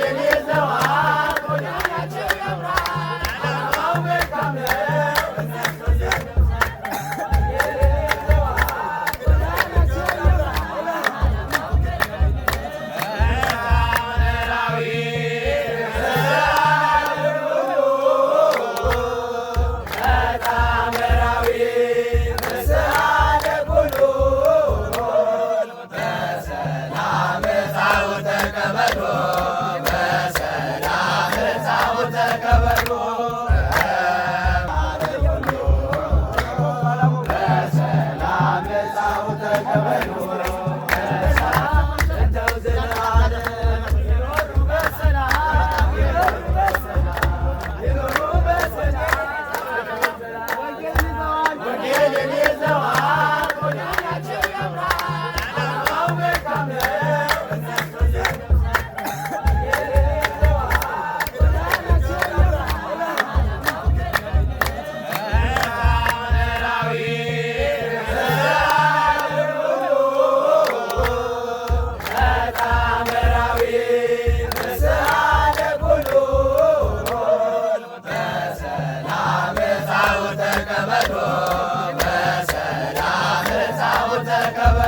Hallelujah. acaba.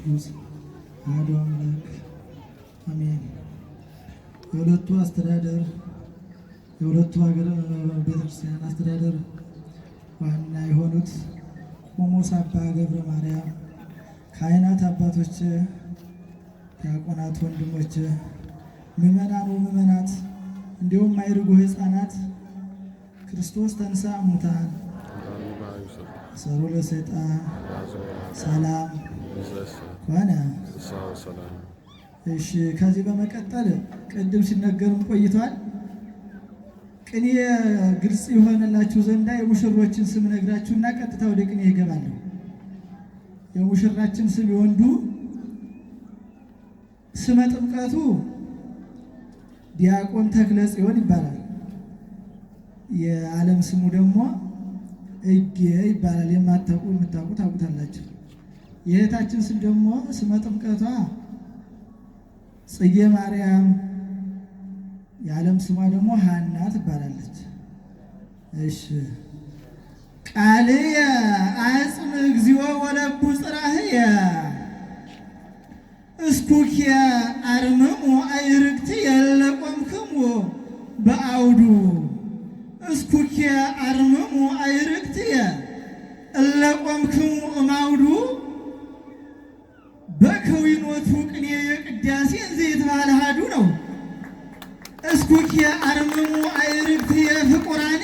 ቅዱስ አሐዱ አምላክ አሜን። የሁለቱ አስተዳደር የሁለቱ ሀገር ቤተክርስቲያን አስተዳደር ዋና የሆኑት ቆሞስ አባ ገብረ ማርያም፣ ካህናት አባቶች፣ ዲያቆናት ወንድሞች፣ ምእመናኑ ምእመናት፣ እንዲሁም አይርጎ ሕፃናት ክርስቶስ ተንሥአ እሙታን አሰሮ ለሰይጣን ሰላም ሆነ። እሺ፣ ከዚህ በመቀጠል ቅድም ሲነገርም ቆይተዋል። ቅኔ ግልጽ የሆነላችሁ ዘንዳ የሙሽሮችን ስም ነግራችሁና ቀጥታ ወደ ቅኔ ይገባለሁ። የሙሽራችን ስም የወንዱ ስመ ጥምቀቱ ዲያቆን ተክለ ጽዮን ይባላል። የዓለም ስሙ ደግሞ እጌ ይባላል። የማታውቁ የምታውቁ ታውቁታላችሁ። የእህታችን ስም ደግሞ ስመ ጥምቀቷ ጽጌ ማርያም፣ የዓለም ስሟ ደግሞ ሀና ትባላለች። እሺ ቃልየ አጽም እግዚኦ ወለቡ ጽራህየ እስኩኪየ አርምሙ አይርክትየ ለቆምክሙ በአውዱ እስኩኪየ አርምሙ አይርክትየ እለቆምክሙ ቅዳሴ እንዘ ይትበሃል አሐዱ ነው። እስኩኪ አርምሙ አዕርክትየ የፍቁራን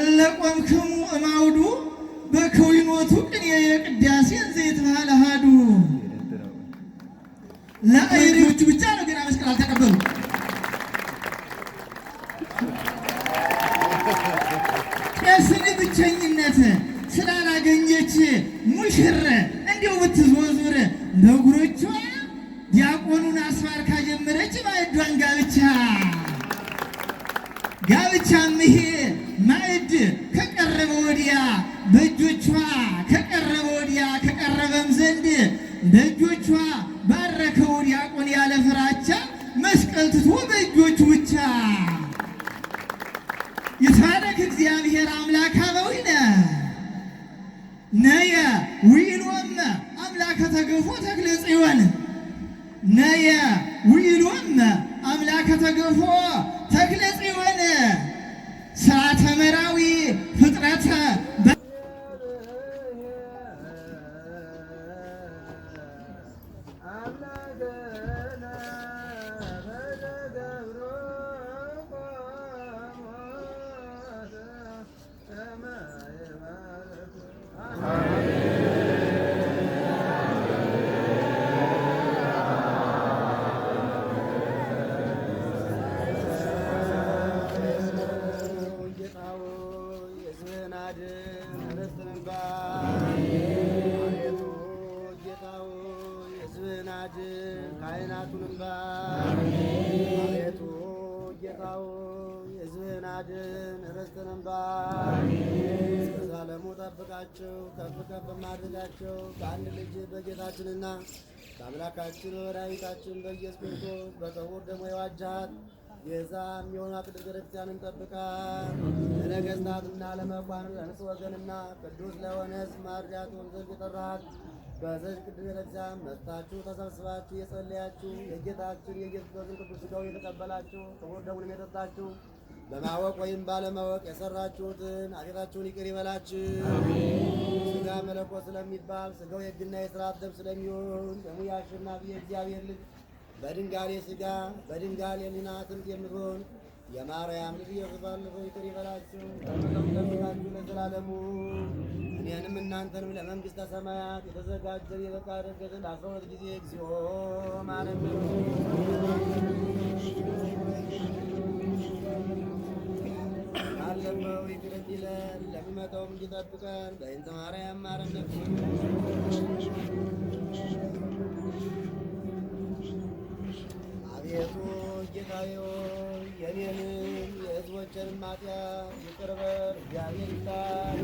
እለ ቆምክሙ እማውዱ በክዊኖቱ ቅኔየ የቅዳሴን እንዘ ይትበሃል አሐዱ። ለአይሪዎቹ ብቻ ነው ገና መስቀል አልተቀበሉ ቄስን ብቸኝነት ስላላገኘች ሙሽር እንዲሁ ብትዞዙር በእግሮቿ ማስዋር ካጀመረች ማዕዷን ጋብቻ ጋብቻም ይሄ ማዕድ ከቀረበ ወዲያ በእጆቿ ከቀረበ ወዲያ ከቀረበም ዘንድ በእጆቿ ባረከው ዲያቆን ያለ ፍራቻ መስቀል ትቶ በእጆቹ ብቻ ይትባረክ እግዚአብሔር አምላክ አበዊነ ነየ ውኢሎመ አምላከ ተገፎ ተክለ ጽዮን ነየ ውኢሎሙ አምላከ ተገፎ ተክለ ጽዮን መራ አድን ርስትንም ዘላለሙ ጠብቃቸው ከፍ ከፍ ማድረጋቸው በአንድ ልጅ በጌታችንና በአምላካችን በመድኃኒታችን በኢየሱስ ክርስቶስ በጸውር ደግሞ የዋጃት ቤዛ የሚሆኑ ቅድስት ቤተክርስቲያንን ጠብቃ ለነገሥታትና ለመኳን ለንስ ወገንና ቅዱስ ለሆነ ሕዝብ ማርያት ወንዘል የጠራት በዘች ቅድስት ቤተክርስቲያን መጥታችሁ ተሰብስባችሁ የጸለያችሁ የጌታችን የኢየሱስ ክርስቶስን ቅዱስ ሥጋውን የተቀበላችሁ ክቡር ደሙንም የጠጣችሁ በማወቅ ወይም ባለማወቅ የሰራችሁትን ኃጢአታችሁን ይቅር ይበላችሁ። ስጋ መለኮት ስለሚባል ስጋው የግና የሥርዓት ደም ስለሚሆን ደሙ የአሸናፊ የእግዚአብሔር ልጅ በድንጋሌ ስጋ በድንጋሌ ሕሊና ትምት የምትሆን የማርያም ልጅ ኢየሱስ ባለፈው ይቅር ይበላችሁ። ለዘላለሙ እኔንም እናንተንም ለመንግሥተ ሰማያት የተዘጋጀ የበቃል እርገትን አስራ ሁለት ጊዜ እግዚኦ ማለት ካለፈው ይቅረት ይለን ለሚመጣውም እንዲጠብቀን በይንተ ማርያም ማረን። አቤቱ ጌታዮ የኔንም የሕዝቦችንም ኃጢአት ይቅር በል። እግዚአብሔር ይባል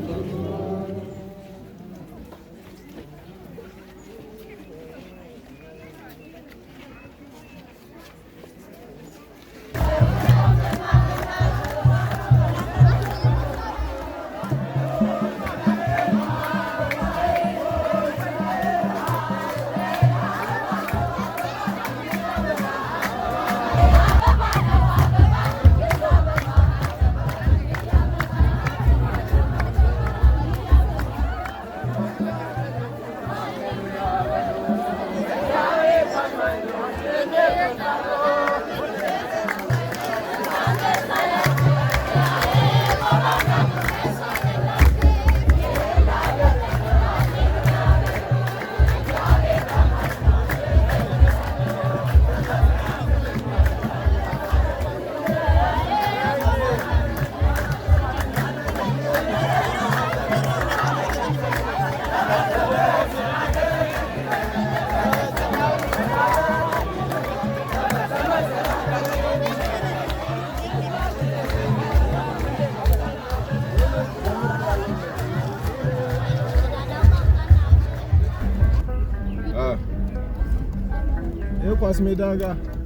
Medanga.